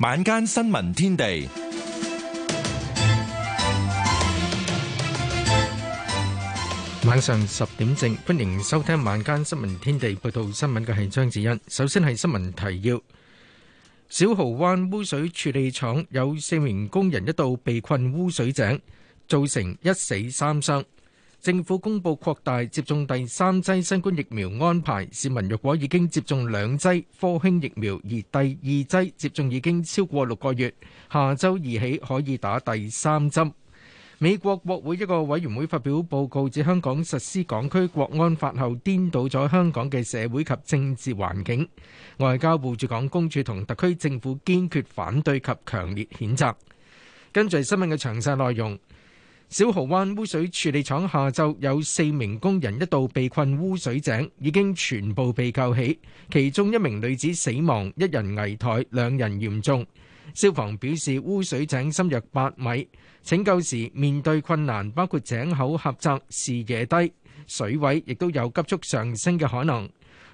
晚間新聞天地，晚上十點正，歡迎收聽晚間新聞天地。報道新聞嘅係張子欣。首先係新聞提要：小蠔灣污水處理廠有四名工人一度被困污水井，造成一死三傷。政府公布擴大接種第三劑新冠疫苗安排，市民若果已經接種兩劑科興疫苗，而第二劑接種已經超過六個月，下周二起可以打第三針。美國國會一個委員會發表報告，指香港實施港區國安法後，顛倒咗香港嘅社會及政治環境。外交部駐港公署同特區政府堅決反對及強烈譴責。跟住新聞嘅詳細內容。小蠔灣污水處理廠下晝有四名工人一度被困污水井，已經全部被救起，其中一名女子死亡，一人危殆，兩人嚴重。消防表示污水井深約八米，拯救時面對困難，包括井口狹窄、視野低、水位亦都有急速上升嘅可能。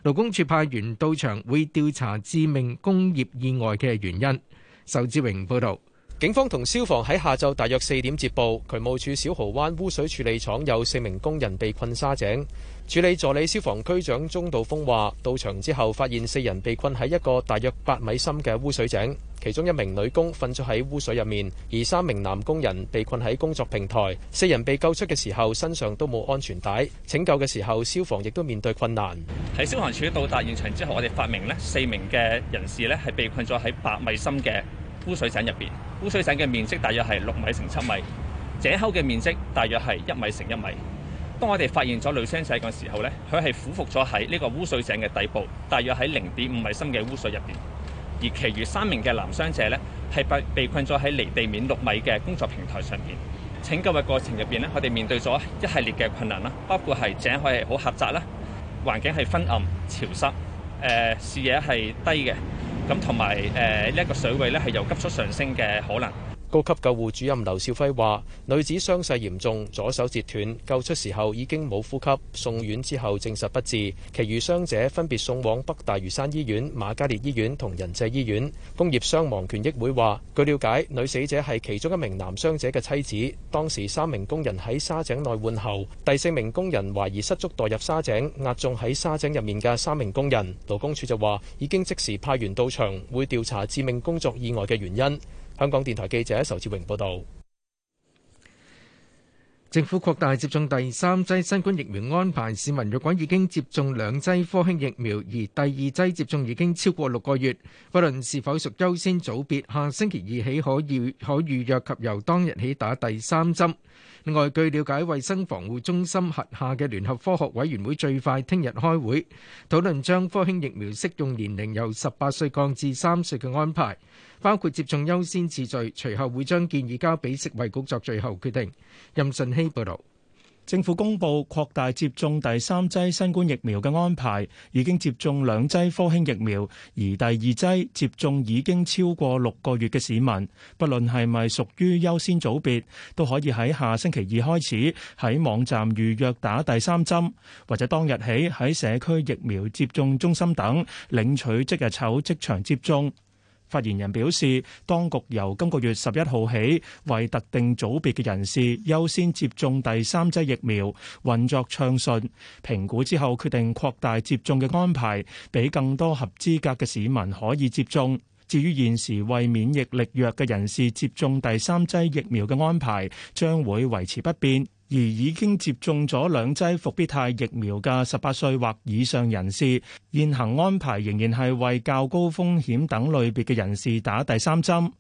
勞工處派員到場會調查致命工業意外嘅原因。仇志榮報道。警方同消防喺下晝大約四點接報，渠務署小蠔灣污水處理廠有四名工人被困沙井。處理助理消防區長鍾道峰話，到場之後發現四人被困喺一個大約八米深嘅污水井，其中一名女工瞓咗喺污水入面，而三名男工人被困喺工作平台。四人被救出嘅時候，身上都冇安全帶。拯救嘅時候，消防亦都面對困難。喺消防處到達現場之後，我哋發明咧四名嘅人士咧係被困咗喺八米深嘅。污水井入邊，污水井嘅面積大約係六米乘七米，井口嘅面積大約係一米乘一米。當我哋發現咗女傷者嘅時候咧，佢係俯伏咗喺呢個污水井嘅底部，大約喺零點五米深嘅污水入邊。而其餘三名嘅男傷者咧，係被被困咗喺離地面六米嘅工作平台上面。拯救嘅過程入邊咧，我哋面對咗一系列嘅困難啦，包括係井口係好狹窄啦，環境係昏暗潮濕，誒、呃，視野係低嘅。咁同埋，誒呢一個水位咧，係有急速上升嘅可能。高級救護主任劉少輝話，女子傷勢嚴重，左手截斷，救出時候已經冇呼吸，送院之後證實不治。其餘傷者分別送往北大嶼山醫院、瑪嘉烈醫院同仁濟醫院。工業傷亡權益會話，據了解，女死者係其中一名男傷者嘅妻子。當時三名工人喺沙井內換喉，第四名工人懷疑失足墮入沙井，壓中喺沙井入面嘅三名工人。勞工處就話已經即時派員到場，會調查致命工作意外嘅原因。香港電台記者仇志榮報道：政府擴大接種第三劑新冠疫苗安排，市民若果已經接種兩劑科興疫苗，而第二劑接種已經超過六個月，不論是否屬優先組別，下星期二起可以可預約及由當日起打第三針。另外，據了解，衛生防護中心轄下嘅聯合科學委員會最快聽日開會討論將科興疫苗適用年齡由十八歲降至三歲嘅安排。包括接種優先次序，隨後會將建議交俾食衛局作最後決定。任順希報道，政府公布擴大接種第三劑新冠疫苗嘅安排，已經接種兩劑科興疫苗而第二劑接種已經超過六個月嘅市民，不論係咪屬於優先組別，都可以喺下星期二開始喺網站預約打第三針，或者當日起喺社區疫苗接種中心等領取即日籌即場接種。發言人表示，當局由今個月十一號起，為特定組別嘅人士優先接種第三劑疫苗，運作暢順。評估之後，決定擴大接種嘅安排，俾更多合資格嘅市民可以接種。至於現時為免疫力弱嘅人士接種第三劑疫苗嘅安排，將會維持不變。而已經接種咗兩劑復必泰疫苗嘅十八歲或以上人士，現行安排仍然係為較高風險等類別嘅人士打第三針。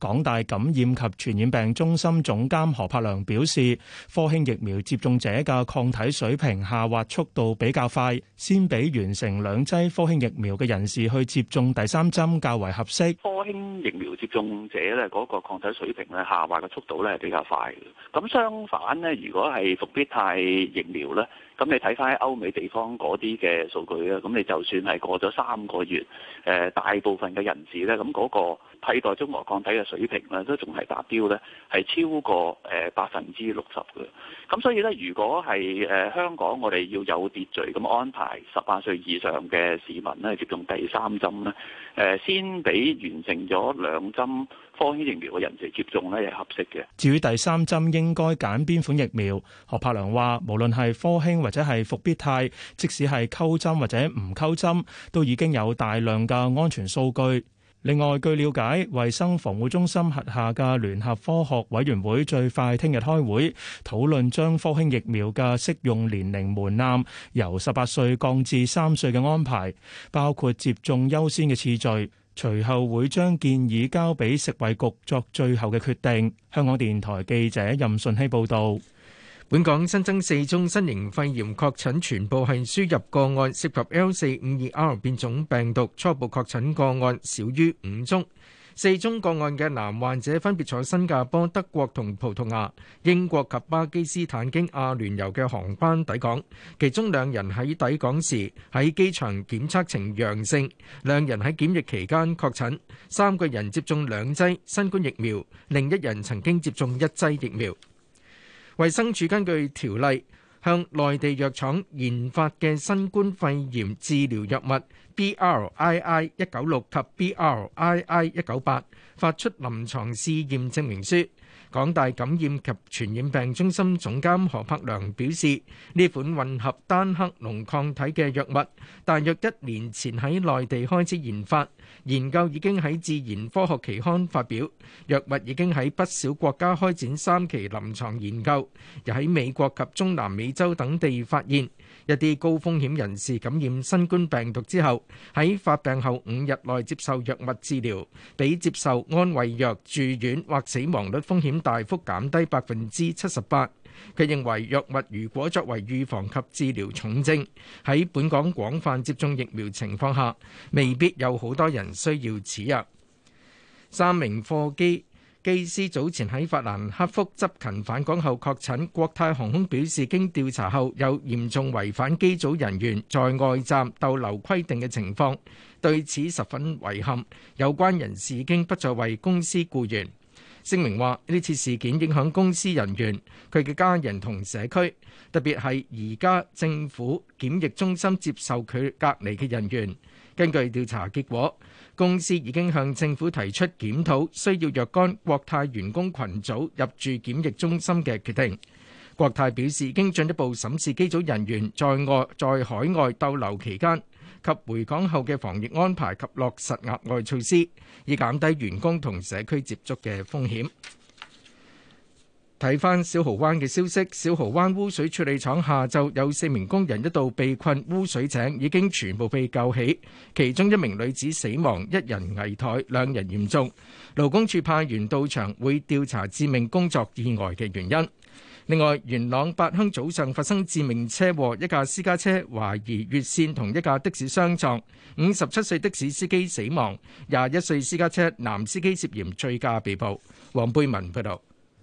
港大感染及傳染病中心總監何柏良表示，科興疫苗接種者嘅抗體水平下滑速度比較快，先俾完成兩劑科興疫苗嘅人士去接種第三針較為合適。科興疫苗接種者咧，嗰個抗體水平咧下滑嘅速度咧係比較快嘅。咁相反咧，如果係復必泰疫苗咧，咁你睇翻喺歐美地方嗰啲嘅數據咧，咁你就算係過咗三個月，誒大部分嘅人士咧，咁嗰個，替代中和抗體嘅水平咧都仲係達標咧，係超過誒百分之六十嘅。咁所以咧，如果係誒香港，我哋要有秩序咁安排十八歲以上嘅市民咧接種第三針咧，誒先俾完成咗兩針科興疫苗嘅人士接種咧係合適嘅。至於第三針應該揀邊款疫苗，何柏良話：無論係科興或者係復必泰，即使係溝針或者唔溝針，都已經有大量嘅安全數據。另外，據了解，衞生防護中心轄下嘅聯合科學委員會最快聽日開會討論將科興疫苗嘅適用年齡門檻由十八歲降至三歲嘅安排，包括接種優先嘅次序。隨後會將建議交俾食衞局作最後嘅決定。香港電台記者任順希報導。本港新增四宗新型肺炎確診，全部係輸入個案，涉及 L 四五二 R 變種病毒。初步確診個案少於五宗，四宗個案嘅男患者分別坐新加坡、德國同葡萄牙、英國及巴基斯坦經阿聯酋嘅航班抵港，其中兩人喺抵港時喺機場檢測呈陽性，兩人喺檢疫期間確診，三個人接種兩劑新冠疫苗，另一人曾經接種一劑疫苗。衛生署根據條例，向內地藥廠研發嘅新冠肺炎治療藥物 BRII 一九六及 BRII 一九八發出臨床試驗證明書。港大感染及傳染病中心總監何柏良表示，呢款混合單克隆抗體嘅藥物，大約一年前喺內地開始研發，研究已經喺《自然科學期刊》發表，藥物已經喺不少國家開展三期臨床研究，又喺美國及中南美洲等地發現。一啲高風險人士感染新冠病毒之後，喺發病後五日內接受藥物治療，比接受安慰藥、住院或死亡率風險大幅減低百分之七十八。佢認為藥物如果作為預防及治療重症，喺本港廣泛接種疫苗情況下，未必有好多人需要此藥。三名貨機機師早前喺法蘭克福執勤返港後確診，國泰航空表示經調查後有嚴重違反機組人員在外站逗留規定嘅情況，對此十分遺憾。有關人士已經不再為公司僱員。聲明話呢次事件影響公司人員、佢嘅家人同社區，特別係而家政府檢疫中心接受佢隔離嘅人員。根據調查結果，公司已經向政府提出檢討需要若干國泰員工群組入住檢疫中心嘅決定。國泰表示，已進一步審視機組人員在外在海外逗留期間及回港後嘅防疫安排及落實額外措施，以減低員工同社區接觸嘅風險。睇翻小蠔灣嘅消息，小蠔灣污水處理廠下晝有四名工人一度被困污水井，已經全部被救起，其中一名女子死亡，一人危殆，兩人嚴重。勞工處派員到場，會調查致命工作意外嘅原因。另外，元朗八鄉早上發生致命車禍，一架私家車懷疑越線同一架的士相撞，五十七歲的士司機死亡，廿一歲私家車男司機涉嫌醉駕被捕。黃貝文報導。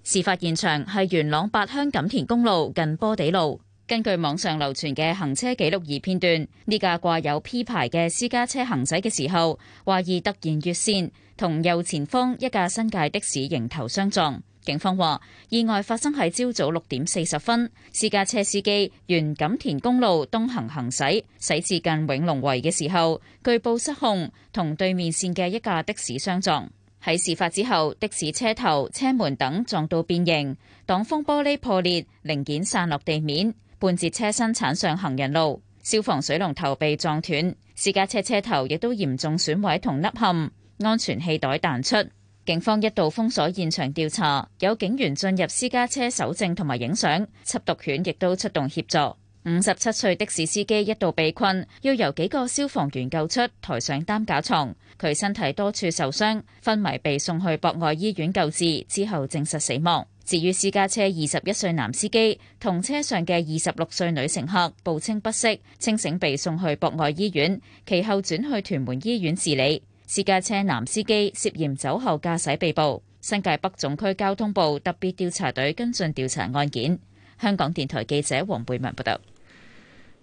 事發現場係元朗八鄉錦田公路近波地路。根據網上流傳嘅行車記錄儀片段，呢架掛有 P 牌嘅私家車行駛嘅時候，懷疑突然越線，同右前方一架新界的士迎頭相撞。警方話，意外發生喺朝早六點四十分，私家車司機沿錦田公路東行行駛，駛至近永隆圍嘅時候，據報失控，同對面線嘅一架的士相撞。喺事發之後，的士車頭、車門等撞到變形，擋風玻璃破裂，零件散落地面，半截車身鏟上行人路，消防水龍頭被撞斷，私家車車頭亦都嚴重損毀同凹陷，安全氣袋彈出。警方一度封鎖現場調查，有警員進入私家車搜證同埋影相，緝毒犬亦都出動協助。五十七歲的士司機一度被困，要由幾個消防員救出，抬上擔架牀。佢身體多處受傷，昏迷，被送去博愛醫院救治，之後證實死亡。至於私家車二十一歲男司機同車上嘅二十六歲女乘客，報稱不適，清醒，被送去博愛醫院，其後轉去屯門醫院治理。私家車男司機涉嫌酒後駕駛被捕。新界北總區交通部特別調查隊跟進調查案件。香港電台記者黃貝文報道。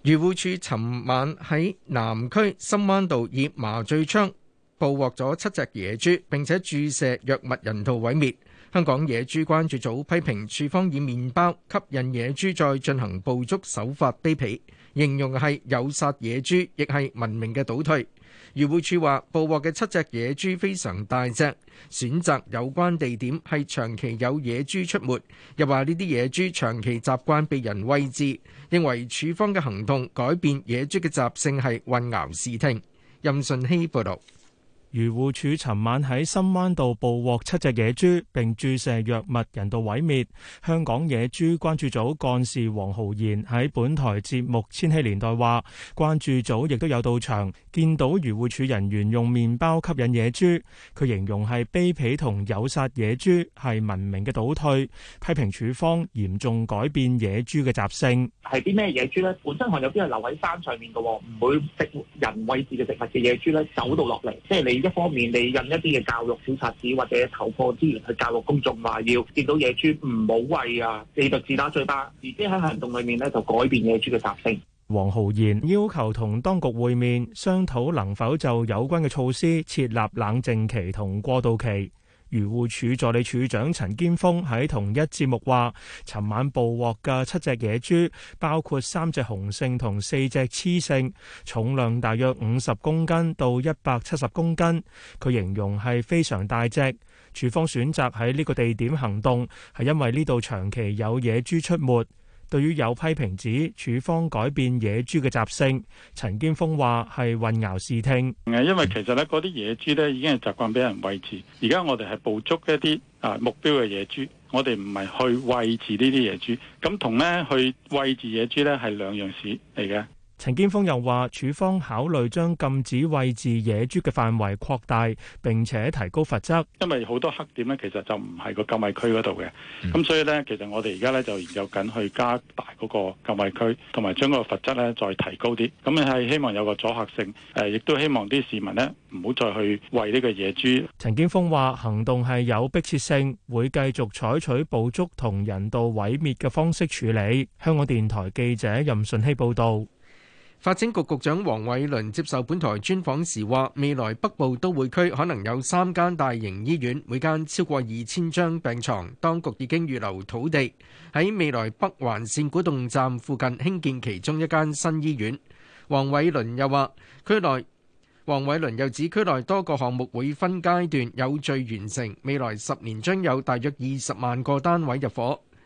漁護署尋晚喺南區深灣道以麻醉槍，捕獲咗七隻野豬，並且注射藥物，人道毀滅。香港野豬關注組批評，處方以麵包吸引野豬，再進行捕捉手法卑鄙，形容係誘殺野豬，亦係文明嘅倒退。漁護署話，捕獲嘅七隻野豬非常大隻，選擇有關地點係長期有野豬出沒，又話呢啲野豬長期習慣被人餵飼，認為處方嘅行動改變野豬嘅習性係混淆視聽。任順熙報道。漁護署尋晚喺深灣道捕獲七隻野豬，並注射藥物人道毀滅。香港野豬關注組幹事黃浩然喺本台節目《千禧年代》話，關注組亦都有到場，見到漁護署人員用麵包吸引野豬，佢形容係卑鄙同誘殺野豬係文明嘅倒退，批評署方嚴重改變野豬嘅習性。係啲咩野豬呢？本身可能有啲係留喺山上面嘅，唔會食人餵飼嘅食物嘅野豬咧，走到落嚟，即係你。一方面你印一啲嘅教育小冊子，或者投放資源去教育公眾，話要見到野豬唔好餵啊，你就自打嘴巴。而喺喺行動裏面咧，就改變野豬嘅習性。黃浩然要求同當局會面，商討能否就有關嘅措施設立冷靜期同過渡期。漁護署助理署長陳堅峰喺同一節目話，尋晚捕獲嘅七隻野豬，包括三隻雄性同四隻雌性，重量大約五十公斤到一百七十公斤。佢形容係非常大隻。署方選擇喺呢個地點行動，係因為呢度長期有野豬出沒。對於有批評指署方改變野豬嘅習性，陳建鋒話係混淆視聽。誒，因為其實咧嗰啲野豬咧已經係習慣俾人餵飼，而家我哋係捕捉一啲啊目標嘅野豬，我哋唔係去餵飼呢啲野豬，咁同咧去餵飼野豬咧係兩樣事嚟嘅。陳堅鋒又話：署方考慮將禁止餵飼野豬嘅範圍擴大，並且提高罰則，因為好多黑點呢，其實就唔係個禁喂區嗰度嘅。咁、嗯、所以呢，其實我哋而家咧就研究緊去加大嗰個禁喂區，同埋將個罰則咧再提高啲。咁你係希望有個阻嚇性，誒，亦都希望啲市民呢唔好再去喂呢個野豬。陳堅鋒話：行動係有迫切性，會繼續採取捕捉同人道毀滅嘅方式處理。香港電台記者任順希報導。發展局局長黃偉綸接受本台專訪時話：未來北部都會區可能有三間大型醫院，每間超過二千張病床。當局已經預留土地，喺未來北環線古洞站附近興建其中一間新醫院。黃偉綸又話：區內黃偉綸又指區內多個項目會分階段有序完成，未來十年將有大約二十萬個單位入夥。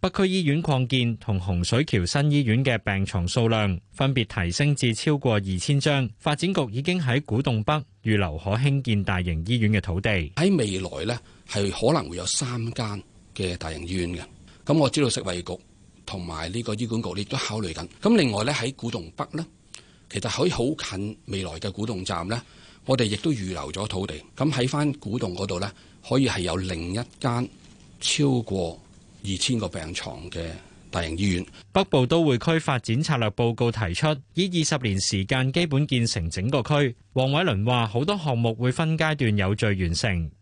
北區醫院擴建同洪水橋新醫院嘅病床數量分別提升至超過二千張。發展局已經喺古洞北預留可興建大型醫院嘅土地。喺未來呢，係可能會有三間嘅大型醫院嘅。咁我知道食衞局同埋呢個醫管局，亦都考慮緊。咁另外呢，喺古洞北呢，其實可以好近未來嘅古洞站呢，我哋亦都預留咗土地。咁喺返古洞嗰度呢，可以係有另一間超過。二千個病床嘅大型醫院。北部都會區發展策略報告提出，以二十年時間基本建成整個區。黃偉綸話，好多項目會分階段有序完成。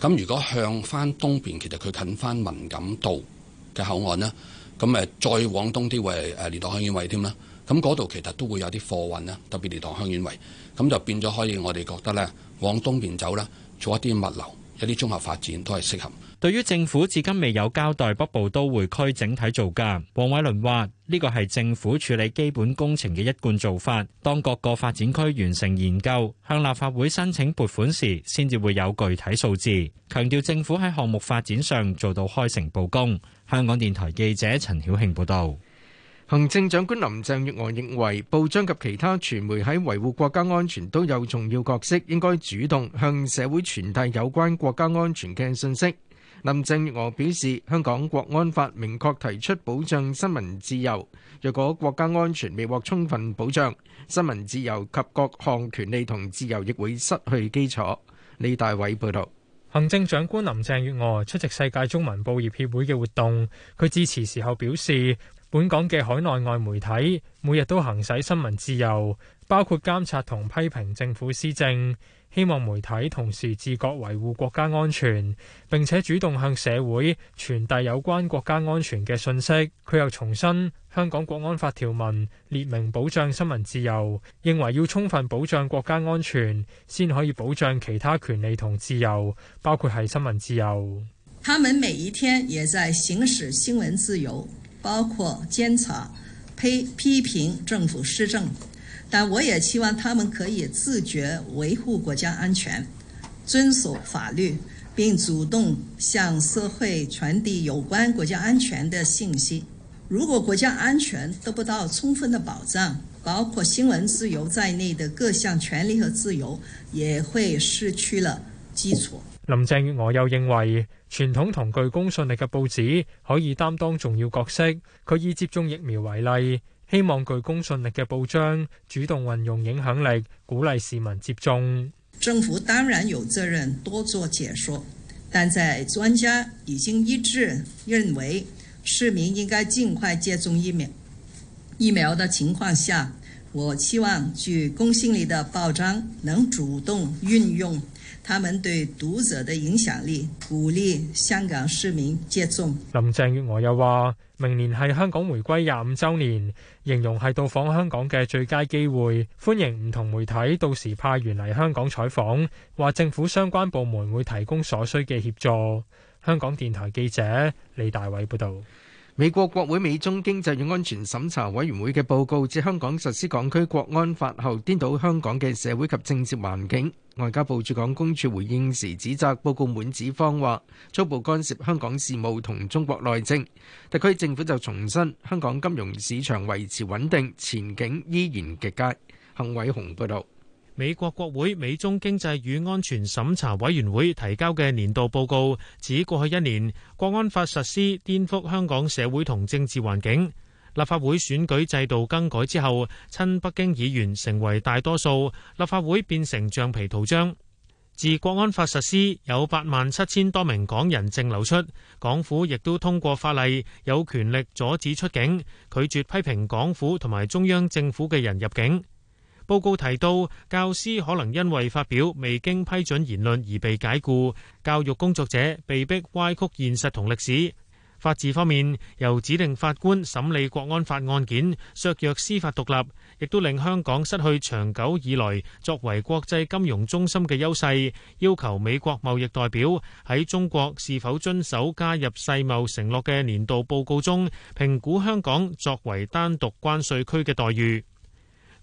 咁如果向翻東邊，其實佢近翻文錦道嘅口岸啦，咁誒再往東啲位，誒蓮塘香園圍添啦，咁嗰度其實都會有啲貨運啦，特別蓮塘香園圍。咁就變咗可以我哋覺得咧往東邊走啦，做一啲物流、一啲綜合發展都係適合。對於政府至今未有交代北部都會區整體造價，黃偉綸話：呢個係政府處理基本工程嘅一貫做法。當各個發展區完成研究，向立法會申請撥款時，先至會有具體數字。強調政府喺項目發展上做到開誠佈公。香港電台記者陳曉慶報道。行政長官林鄭月娥認為，報章及其他傳媒喺維護國家安全都有重要角色，應該主動向社會傳遞有關國家安全嘅信息。林鄭月娥表示，香港國安法明確提出保障新聞自由，若果國家安全未獲充分保障，新聞自由及各項權利同自由亦會失去基礎。李大偉報道。行政長官林鄭月娥出席世界中文報業協會嘅活動，佢致辭時候表示，本港嘅海內外媒體每日都行使新聞自由，包括監察同批評政府施政。希望媒體同時自覺維護國家安全，並且主動向社會傳遞有關國家安全嘅信息。佢又重申香港國安法條文列明保障新聞自由，認為要充分保障國家安全，先可以保障其他權利同自由，包括係新聞自由。他們每一天也在行使新聞自由，包括監察、批批評政府施政。但我也希望他們可以自覺維護國家安全，遵守法律，並主動向社會傳遞有關國家安全的信息。如果國家安全得不到充分的保障，包括新聞自由在內的各項權利和自由也會失去了基礎。林鄭月娥又認為，傳統同具公信力嘅報紙可以擔當重要角色。佢以接種疫苗為例。希望具公信力嘅報章主動運用影響力，鼓勵市民接種。政府當然有責任多做解說，但在專家已經一致認為市民應該盡快接種疫苗。疫苗的情況下，我希望具公信力的報章能主動運用。他們對讀者的影響力，鼓勵香港市民接種。林鄭月娥又話：明年係香港回歸廿五週年，形容係到訪香港嘅最佳機會，歡迎唔同媒體到時派員嚟香港採訪，話政府相關部門會提供所需嘅協助。香港電台記者李大偉報導。美國國會美中經濟與安全審查委員會嘅報告指，香港實施港區國安法後顛倒香港嘅社會及政治環境。外交部駐港公署回應時指責報告滿紙謊話，粗暴干涉香港事務同中國內政。特區政府就重申，香港金融市場維持穩定，前景依然極佳。幸偉雄報道。美國國會美中經濟與安全審查委員會提交嘅年度報告指，過去一年國安法實施顛覆香港社會同政治環境。立法會選舉制度更改之後，親北京議員成為大多數，立法會變成橡皮圖章。自國安法實施，有八萬七千多名港人淨流出，港府亦都通過法例，有權力阻止出境，拒絕批評港府同埋中央政府嘅人入境。報告提到，教師可能因為發表未經批准言論而被解雇，教育工作者被迫歪曲現實同歷史。法治方面，由指定法官審理國安法案件，削弱司法獨立，亦都令香港失去長久以來作為國際金融中心嘅優勢。要求美國貿易代表喺中國是否遵守加入世貿承諾嘅年度報告中，評估香港作為單獨關稅區嘅待遇。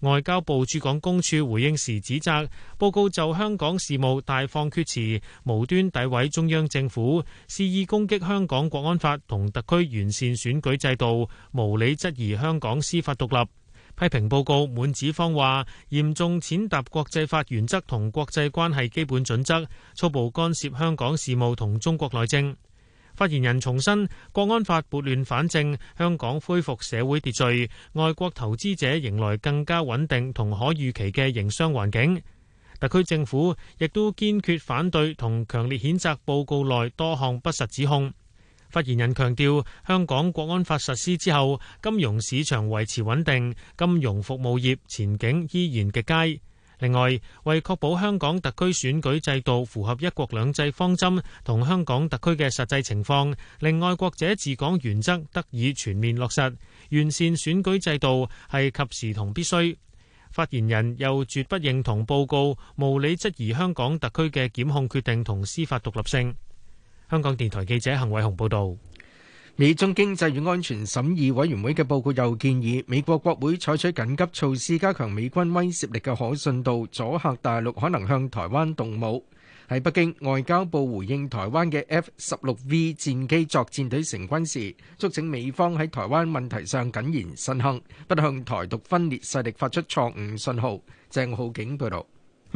外交部駐港公署回應時指責報告就香港事務大放厥詞，無端詆毀中央政府，肆意攻擊香港國安法同特區完善選舉制度，無理質疑香港司法獨立，批評報告滿紙謊話，嚴重踐踏國際法原則同國際關係基本準則，粗暴干涉香港事務同中國內政。發言人重申，國安法撥亂反正，香港恢復社會秩序，外國投資者迎來更加穩定同可預期嘅營商環境。特區政府亦都堅決反對同強烈譴責報告內多項不實指控。發言人強調，香港國安法實施之後，金融市場維持穩定，金融服務業前景依然極佳。另外，為確保香港特區選舉制度符合一國兩制方針同香港特區嘅實際情況，令愛國者治港原則得以全面落實，完善選舉制度係及時同必須。發言人又絕不認同報告無理質疑香港特區嘅檢控決定同司法獨立性。香港電台記者陳偉雄報道。美中經濟與安全審議委員會嘅報告又建議美國國會採取緊急措施，加強美軍威懾力嘅可信度，阻嚇大陸可能向台灣動武。喺北京，外交部回應台灣嘅 F 十六 V 戰機作戰隊成軍時，促請美方喺台灣問題上謹言慎行，不向台獨分裂勢力發出錯誤信號。鄭浩景報道。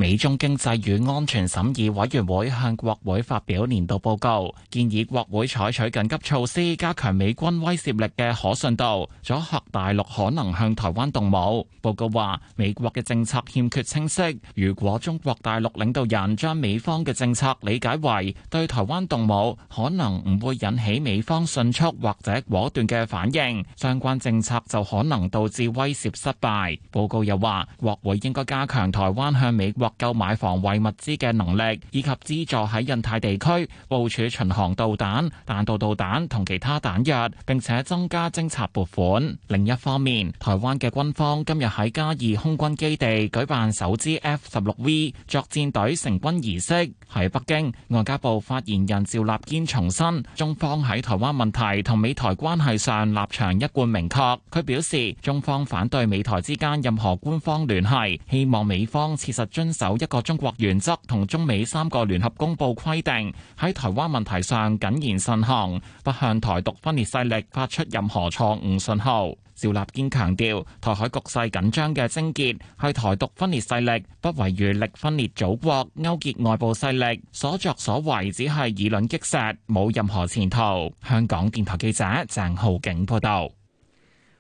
美中經濟與安全審議委員會向國會發表年度報告，建議國會採取緊急措施，加強美軍威懾力嘅可信度，阻嚇大陸可能向台灣動武。報告話，美國嘅政策欠缺清晰，如果中國大陸領導人將美方嘅政策理解為對台灣動武，可能唔會引起美方迅速或者果斷嘅反應，相關政策就可能導致威懾失敗。報告又話，國會應該加強台灣向美國。購買防衛物資嘅能力，以及資助喺印太地區部署巡航導彈、彈道導彈同其他彈藥，並且增加偵察撥款。另一方面，台灣嘅軍方今日喺嘉義空軍基地舉辦首支 F 十六 V 作戰隊成軍儀式。喺北京，外交部發言人趙立堅重申，中方喺台灣問題同美台關係上立場一貫明確。佢表示，中方反對美台之間任何官方聯繫，希望美方切實遵走一個中國原則同中美三個聯合公布規定，喺台灣問題上謹言慎行，不向台獨分裂勢力發出任何錯誤信號。趙立堅強調，台海局勢緊張嘅症結係台獨分裂勢力不遺餘力分裂祖國，勾結外部勢力所作所為只係以卵擊石，冇任何前途。香港電台記者鄭浩景報道。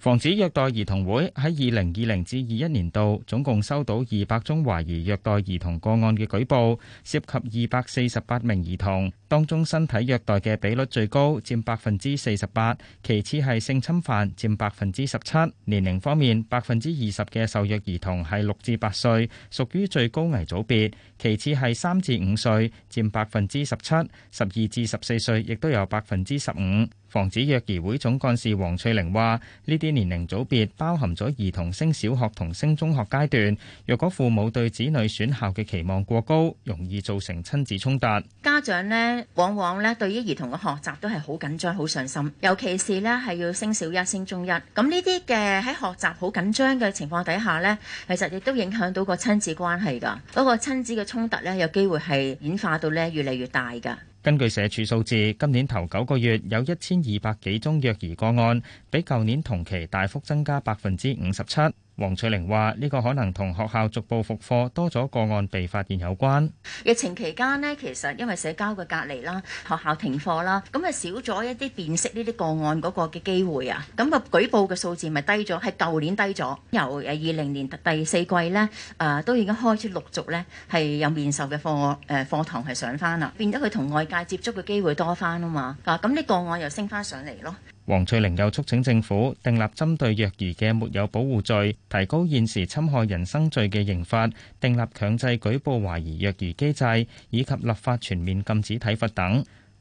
防止虐待兒童會喺二零二零至二一年度總共收到二百宗懷疑虐待兒童個案嘅舉報，涉及二百四十八名兒童，當中身體虐待嘅比率最高，佔百分之四十八，其次係性侵犯，佔百分之十七。年齡方面，百分之二十嘅受虐兒童係六至八歲，屬於最高危組別，其次係三至五歲，佔百分之十七，十二至十四歲亦都有百分之十五。防止虐兒會總幹事黃翠玲話：呢啲年齡組別包含咗兒童升小學同升中學階段。若果父母對子女選校嘅期望過高，容易造成親子衝突。家長呢往往咧對於兒童嘅學習都係好緊張、好上心，尤其是咧係要升小一、升中一。咁呢啲嘅喺學習好緊張嘅情況底下咧，其實亦都影響到個親子關係㗎。嗰、嗰個親子嘅衝突咧，有機會係演化到咧越嚟越大㗎。根據社署數字，今年頭九個月有一千二百幾宗虐兒個案，比舊年同期大幅增加百分之五十七。黃翠玲話：呢個可能同學校逐步複課多咗個案被發現有關。疫情期間呢，其實因為社交嘅隔離啦，學校停課啦，咁啊少咗一啲辨識呢啲個案嗰個嘅機會啊，咁個舉報嘅數字咪低咗，係舊年低咗。由誒二零年第四季呢，誒、啊、都已經開始陸續呢係有面授嘅課誒課堂係上翻啦，變咗佢同外界接觸嘅機會多翻啊嘛，啊咁啲個案又升翻上嚟咯。黃翠玲又促請政府訂立針對虐兒嘅沒有保護罪，提高現時侵害人身罪嘅刑罰，訂立強制舉報懷疑虐兒機制，以及立法全面禁止體罰等。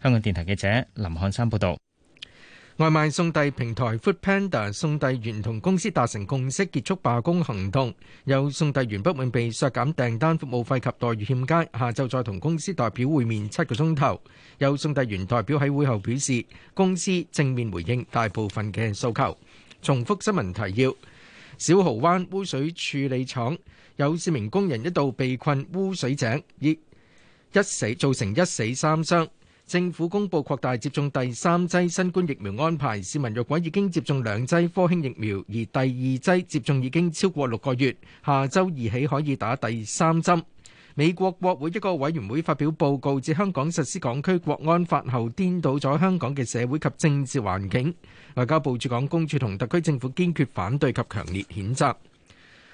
香港電台記者林漢山報道。外賣送遞平台 Foodpanda 送遞員同公司達成共識結束罷工行動，有送遞員不滿被削減訂單服務費及待遇欠佳，下晝再同公司代表會面七個鐘頭。有送遞員代表喺會後表示，公司正面回應大部分嘅訴求。重複新聞提要：小蠔灣污水處理廠有四名工人一度被困污水井，一死造成一死三傷。政府公布擴大接種第三劑新冠疫苗安排，市民若果已經接種兩劑科興疫苗，而第二劑接種已經超過六個月，下周二起可以打第三針。美國國會一個委員會發表報告，指香港實施港區國安法後顛倒咗香港嘅社會及政治環境。外交部駐港公署同特區政府堅決反對及強烈譴責。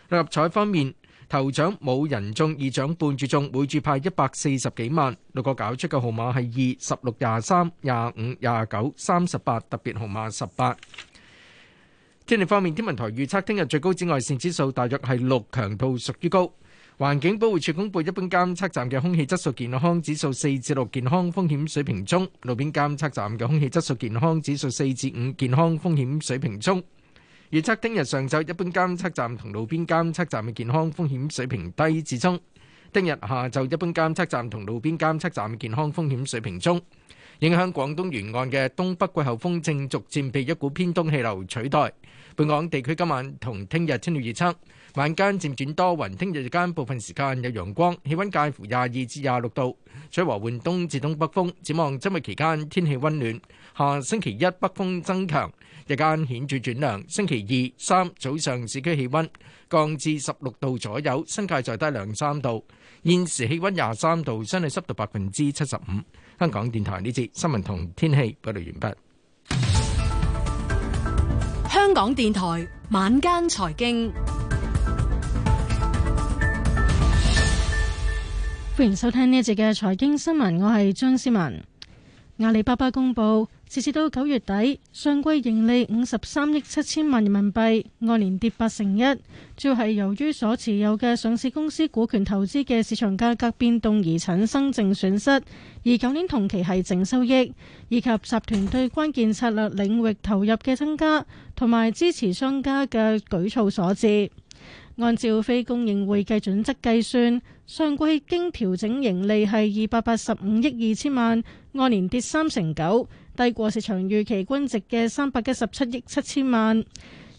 六合彩方面。頭獎冇人中，二獎半注中，每注派一百四十幾萬。六個搞出嘅號碼係二十六、廿三、廿五、廿九、三十八，特別號碼十八。天氣方面，天文台預測聽日最高紫外線指數大約係六，強度屬於高。環境保護署公布一般監測站嘅空氣質素健康指數四至六，健康風險水平中；路邊監測站嘅空氣質素健康指數四至五，健康風險水平中。預測聽日上晝一般監測站同路邊監測站嘅健康風險水平低至中，聽日下晝一般監測站同路邊監測站嘅健康風險水平中。影響廣東沿岸嘅東北季候風正逐漸被一股偏東氣流取代。本港地區今晚同聽日天氣預測，晚間漸轉多雲，聽日日間部分時間有陽光，氣温介乎廿二至廿六度，吹和緩東至東北風。展望周末期間天氣温暖，下星期一北風增強，日間顯著轉涼。星期二、三早上市區氣温降至十六度左右，新界再低兩三度。現時氣温廿三度，相對濕度百分之七十五。香港電台呢節新聞同天氣報道完畢。香港電台晚間財經，歡迎收聽呢一節嘅財經新聞，我係張思文。阿里巴巴公佈，截至到九月底，上季盈利五十三億七千萬人民幣，按年跌八成一，主要係由於所持有嘅上市公司股權投資嘅市場價格變動而產生淨損失，而舊年同期係淨收益，以及集團對關鍵策略領域投入嘅增加同埋支持商家嘅舉措所致。按照非公認會計準則計算，上季經調整盈利係二百八十五億二千萬，按年跌三成九，低過市場預期均值嘅三百一十七億七千萬。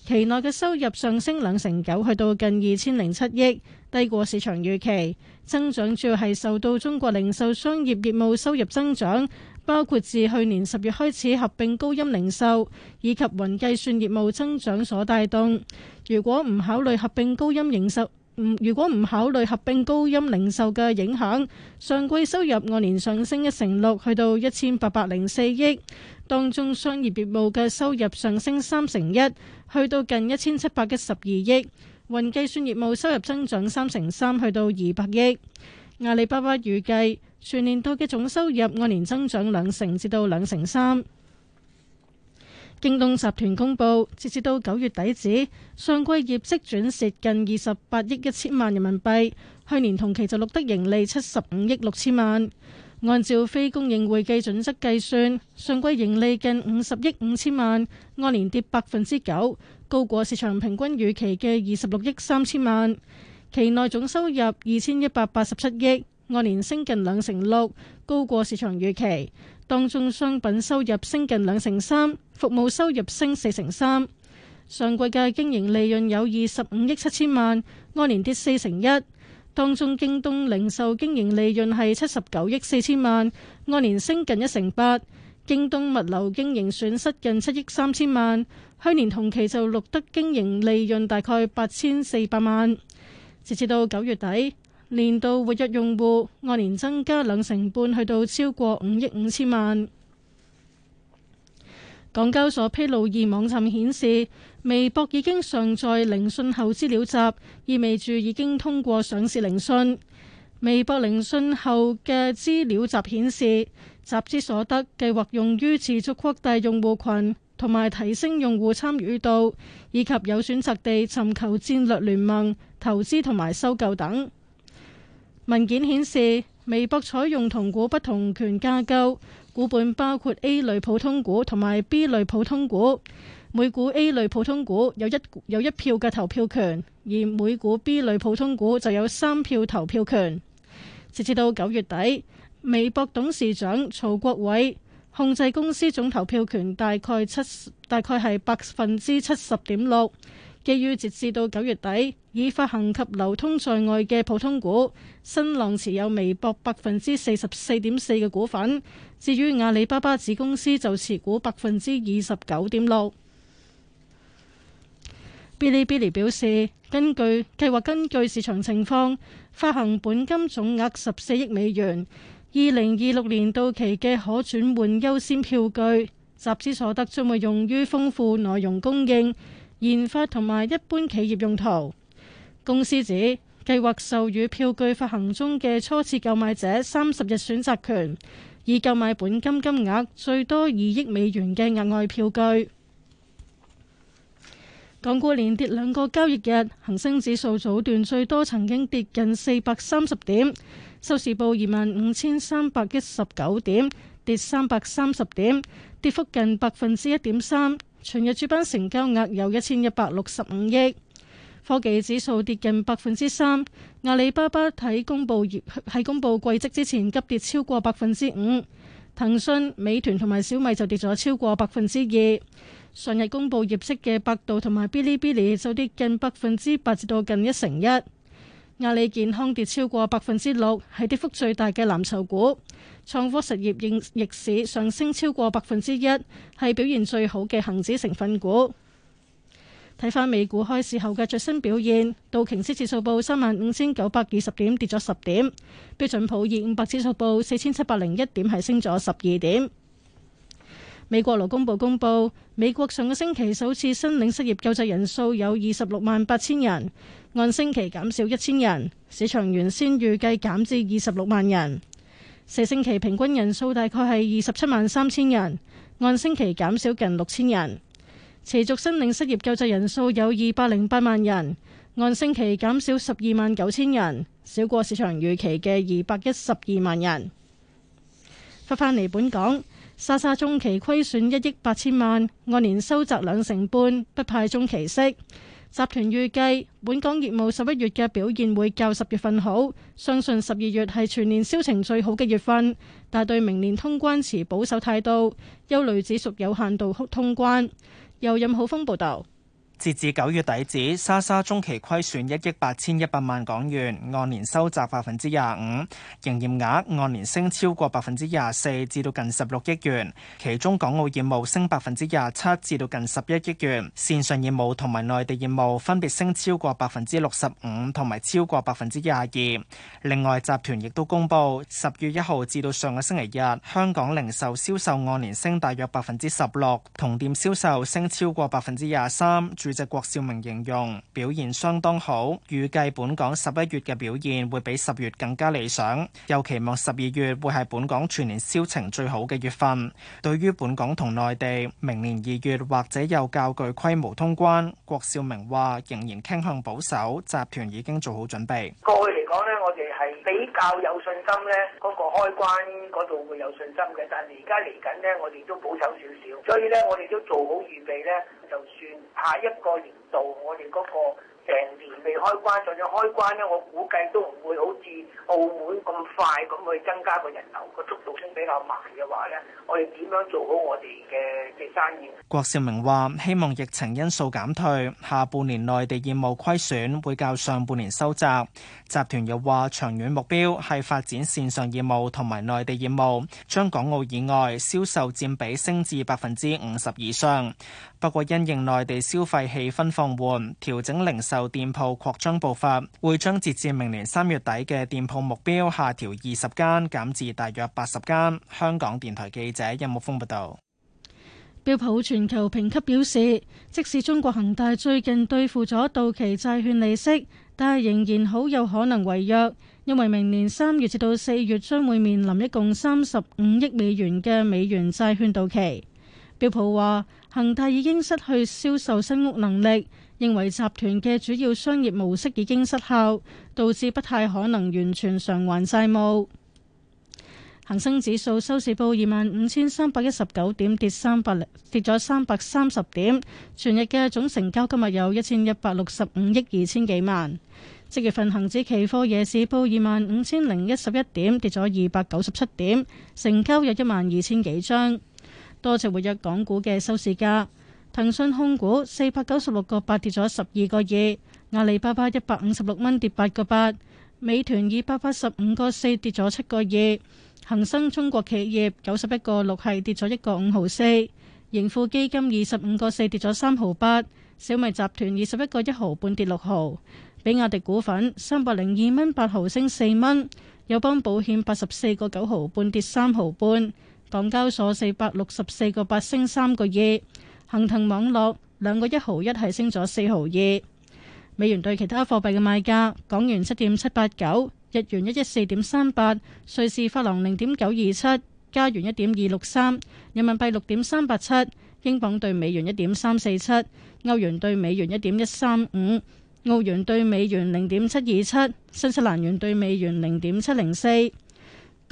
期內嘅收入上升兩成九，去到近二千零七億，低過市場預期。增長主要係受到中國零售商業業務收入增長，包括自去年十月開始合併高鑫零售，以及雲計算業務增長所帶動。如果唔考慮合併高鑫零售，如果唔考慮合併高鑫零售嘅影響，上季收入按年上升一成六，去到一千八百零四億。當中商業業務嘅收入上升三成一，去到近一千七百一十二億。雲計算業務收入增長三成三，去到二百億。阿里巴巴預計全年度嘅總收入按年增長兩成至到兩成三。京東集團公布，截至到九月底止，上季業績轉蝕近二十八億一千萬人民幣，去年同期就錄得盈利七十五億六千萬。按照非公認會計準則計算，上季盈利近五十億五千萬，按年跌百分之九，高過市場平均預期嘅二十六億三千萬。期內總收入二千一百八十七億，按年升近兩成六。高過市場預期，當中商品收入升近兩成三，服務收入升四成三。上季嘅經營利潤有二十五億七千萬，按年跌四成一。當中京東零售經營利潤係七十九億四千萬，按年升近一成八。京東物流經營損失近七億三千萬，去年同期就錄得經營利潤大概八千四百萬。截至到九月底，年度活躍用戶按年增加兩成半，去到超過五億五千萬。港交所披露易網站顯示，微博已經上載聆訊後資料集，意味住已經通過上市聆訊。微博聆訊後嘅資料集顯示，集資所得計劃用於持續擴大用戶群，同埋提升用戶參與度，以及有選擇地尋求戰略聯盟、投資同埋收購等。文件顯示，微博採用同股不同權架構，股本包括 A 類普通股同埋 B 類普通股。每股 A 類普通股有一有一票嘅投票權，而每股 B 類普通股就有三票投票權。直至到九月底，微博董事長曹國偉控制公司總投票權大概七大概係百分之七十點六。基於截至到九月底已發行及流通在外嘅普通股，新浪持有微博百分之四十四點四嘅股份；至於阿里巴巴子公司就持股百分之二十九點六。嗶哩嗶哩表示，根據計劃，根據市場情況發行本金總額十四億美元、二零二六年到期嘅可轉換優先票據，集資所得將會用於豐富內容供應。研發同埋一般企業用途，公司指計劃授予票據發行中嘅初次購買者三十日選擇權，以購買本金金額最多二億美元嘅額外票據。港股連跌兩個交易日，恒生指數早段最多曾經跌近四百三十點，收市報二萬五千三百一十九點，跌三百三十點，跌幅近百分之一點三。全日主板成交額有一千一百六十五億，科技指數跌近百分之三，阿里巴巴喺公布業喺公布季績之前急跌超過百分之五，騰訊、美團同埋小米就跌咗超過百分之二，上日公布業績嘅百度同埋 Bilibili 就跌近百分之八至到近一成一。阿里健康跌超過百分之六，係跌幅最大嘅藍籌股；創科實業逆逆市上升超過百分之一，係表現最好嘅恒指成分股。睇翻美股開市後嘅最新表現，道瓊斯指數報三萬五千九百二十點，跌咗十點；標準普爾五百指數報四千七百零一點，係升咗十二點。美國勞工部公布，美國上個星期首次申領失業救濟人數有二十六萬八千人。按星期減少一千人，市場原先預計減至二十六萬人。四星期平均人數大概係二十七萬三千人，按星期減少近六千人。持續申領失業救濟人數有二百零八萬人，按星期減少十二萬九千人，少過市場預期嘅二百一十二萬人。翻返嚟本港，莎莎中期虧損一億八千萬，按年收窄兩成半，不派中期息。集團預計本港業務十一月嘅表現會較十月份好，相信十二月係全年銷情最好嘅月份，但對明年通關持保守態度，憂慮只屬有限度通關。由任浩峰報導。截至九月底止，莎莎中期虧損一億八千一百萬港元，按年收窄百分之廿五，營業額按年升超過百分之廿四，至到近十六億元。其中港澳業務升百分之廿七，至到近十一億元；綫上業務同埋內地業務分別升超過百分之六十五同埋超過百分之廿二。另外，集團亦都公布，十月一號至到上個星期日，香港零售銷售按年升大約百分之十六，同店銷售升超過百分之廿三。主席郭少明形容表現相當好，預計本港十一月嘅表現會比十月更加理想，又期望十二月會係本港全年銷情最好嘅月份。對於本港同內地明年二月或者有較具規模通關，郭少明話仍然傾向保守，集團已經做好準備。過去嚟講咧，我哋係比較有信心咧，嗰個開關嗰度會有信心嘅，但係而家嚟緊咧，我哋都保守少少，所以咧我哋都做好預備咧。就算下一個年度，我哋嗰個成年未開關，就算開關咧，我估計都唔會好似澳門咁快咁去增加個人流，個速度先比較慢嘅話咧，我哋點樣做好我哋嘅嘅生意？郭少明話：希望疫情因素減退，下半年內地業務虧損會較上半年收窄。集團又話：長遠目標係發展線上業務同埋內地業務，將港澳以外銷售佔比升至百分之五十以上。不過，包括因應內地消費氣氛放緩，調整零售店鋪擴張步伐，會將截至明年三月底嘅店鋪目標下調二十間，減至大約八十間。香港電台記者任木峰報道。標普全球評級表示，即使中國恒大最近兌付咗到期債券利息，但係仍然好有可能違約，因為明年三月至到四月將會面臨一共三十五億美元嘅美元債券到期。標普話。恒大已經失去銷售新屋能力，認為集團嘅主要商業模式已經失效，導致不太可能完全償還債務。恒生指數收市報二萬五千三百一十九點，跌三百跌咗三百三十點。全日嘅總成交今日有一千一百六十五億二千幾萬。即月份恒指期貨夜市報二萬五千零一十一點，跌咗二百九十七點，成交有一萬二千幾張。多隻活躍港股嘅收市價，騰訊控股四百九十六個八跌咗十二個二，阿里巴巴一百五十六蚊跌八個八，美團二百八十五個四跌咗七個二，恒生中國企業九十一個六係跌咗一個五毫四，盈富基金二十五個四跌咗三毫八，小米集團二十一個一毫半跌六毫，比亞迪股份三百零二蚊八毫升四蚊，友邦保險八十四個九毫半跌三毫半。港交所四百六十四個八升三個二，恒騰網絡兩個一毫一係升咗四毫二。美元對其他貨幣嘅賣價：港元七點七八九，日元一一四點三八，瑞士法郎零點九二七，加元一點二六三，人民幣六點三八七，英鎊對美元一點三四七，歐元對美元一點一三五，澳元對美元零點七二七，新西蘭元對美元零點七零四。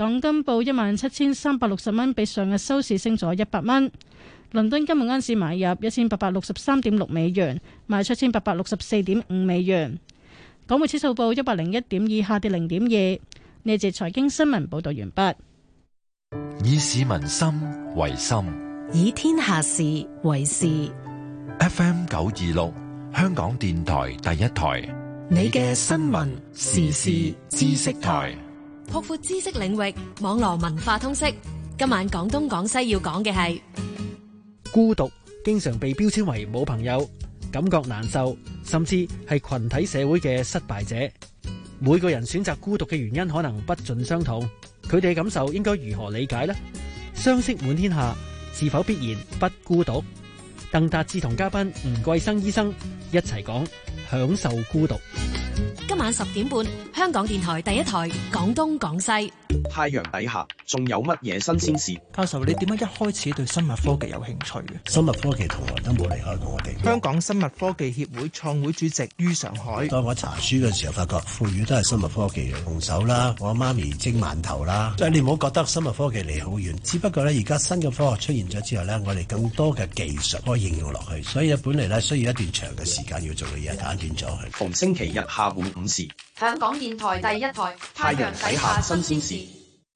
港金報一萬七千三百六十蚊，比上日收市升咗一百蚊。倫敦今日安市買入一千八百六十三點六美元，賣出千八百六十四點五美元。港匯指數報一百零一點二，下跌零點二。呢節財經新聞報道完畢。以市民心為心，以天下事為事。FM 九二六，香港電台第一台，你嘅新聞時事知識台。擴闊知識領域，網絡文化通識。今晚廣東廣西要講嘅係孤獨，經常被標籤為冇朋友，感覺難受，甚至係群體社會嘅失敗者。每個人選擇孤獨嘅原因可能不盡相同，佢哋嘅感受應該如何理解呢？相識滿天下，是否必然不孤獨？鄧達志同嘉賓吳桂生醫生一齊講，享受孤獨。今晚十點半，香港電台第一台，廣東廣西。太陽底下仲有乜嘢新鮮事？教授，你點解一開始對生物科技有興趣嘅？生物科技從來都冇離開過我哋。香港生物科技協會創會主席于常海。當我查書嘅時候，發覺腐乳都係生物科技，嘅用手啦，我阿媽咪蒸饅頭啦，即係你唔好覺得生物科技離好遠，只不過咧而家新嘅科學出現咗之後咧，我哋更多嘅技術可以應用落去，所以本嚟咧需要一段長嘅時間要做嘅嘢，簡短咗去。逢星期日下午五時，香港電台第一台，太陽底下新鮮事。深深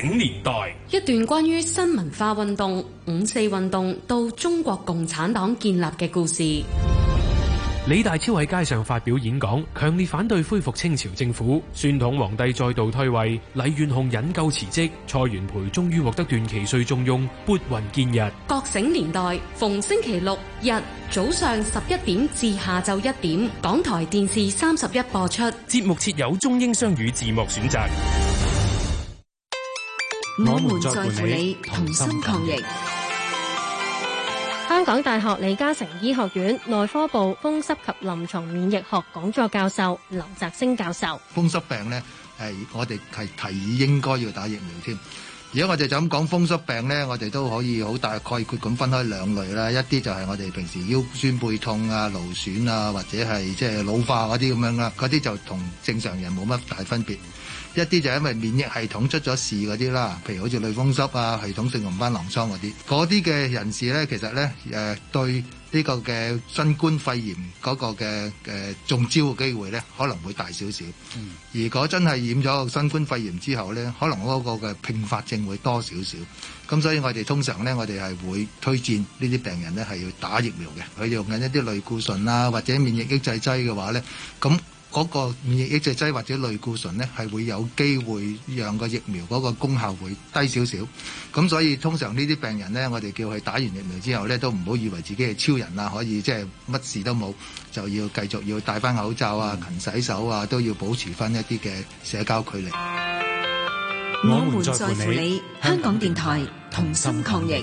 醒年代，一段關於新文化運動、五四運動到中國共產黨建立嘅故事。李大釗喺街上發表演講，強烈反對恢復清朝政府、宣統皇帝再度退位。黎元洪引咎辭職，蔡元培終於獲得段祺瑞重用，撥雲見日。覺醒年代逢星期六日早上十一點至下晝一點，港台電視三十一播出。節目設有中英雙語字幕選擇。我們在乎你，同心抗疫。香港大學李嘉誠醫學院內科部風濕及臨床免疫學講座教授劉澤星教授，風濕病咧，誒，我哋係提議應該要打疫苗添。如果我哋就咁講風濕病咧，我哋都可以好大概括咁分開兩類啦。一啲就係我哋平時腰酸背痛啊、勞損啊，或者係即係老化嗰啲咁樣啦，嗰啲就同正常人冇乜大分別。一啲就因為免疫系統出咗事嗰啲啦，譬如好似類風濕啊、系統性紅斑狼瘡嗰啲，嗰啲嘅人士咧，其實咧誒、呃、對。呢個嘅新冠肺炎嗰個嘅誒、呃、中招嘅機會咧，可能會大少少。嗯、如果真係染咗個新冠肺炎之後咧，可能嗰個嘅併發症會多少少。咁所以我哋通常咧，我哋係會推薦呢啲病人咧係要打疫苗嘅。佢用緊一啲類固醇啊，或者免疫抑制劑嘅話咧，咁。嗰個免疫抑制劑或者類固醇咧，係會有機會讓個疫苗嗰個功效會低少少。咁所以通常呢啲病人咧，我哋叫佢打完疫苗之後咧，都唔好以為自己係超人啦，可以即係乜事都冇，就要繼續要戴翻口罩啊、勤洗手啊，都要保持翻一啲嘅社交距離。嗯，我們在乎你，香港電台同心抗疫。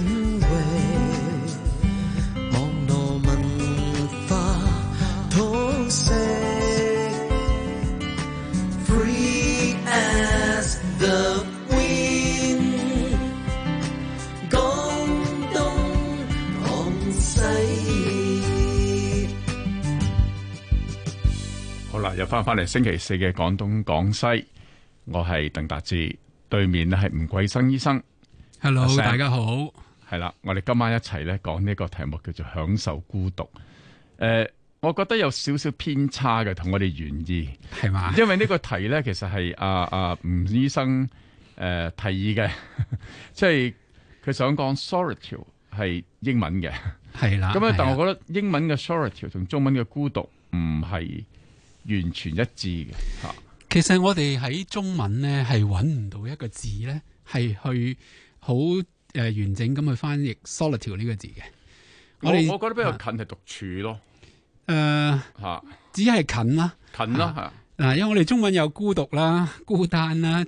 又翻翻嚟星期四嘅廣東廣西，我係鄧達志，對面咧係吳桂生醫生。Hello，、啊、大家好。係啦，我哋今晚一齊咧講呢個題目叫做享受孤獨。誒、呃，我覺得有少少偏差嘅，同我哋原意係嘛？嗎因為呢個題咧其實係阿阿吳醫生誒、呃、提議嘅， 即係佢想講 solitude 係英文嘅，係啦的。咁樣的，但我覺得英文嘅 solitude 同中文嘅孤獨唔係。完全一致嘅嚇，其實我哋喺中文咧係揾唔到一個字咧係去好誒完整咁去翻譯 solitude 呢個字嘅。我我，我覺得比較近係獨處咯，誒嚇、啊，只係近啦、啊，近啦、啊、嚇。嗱、啊，因為我哋中文有孤獨啦、孤單啦。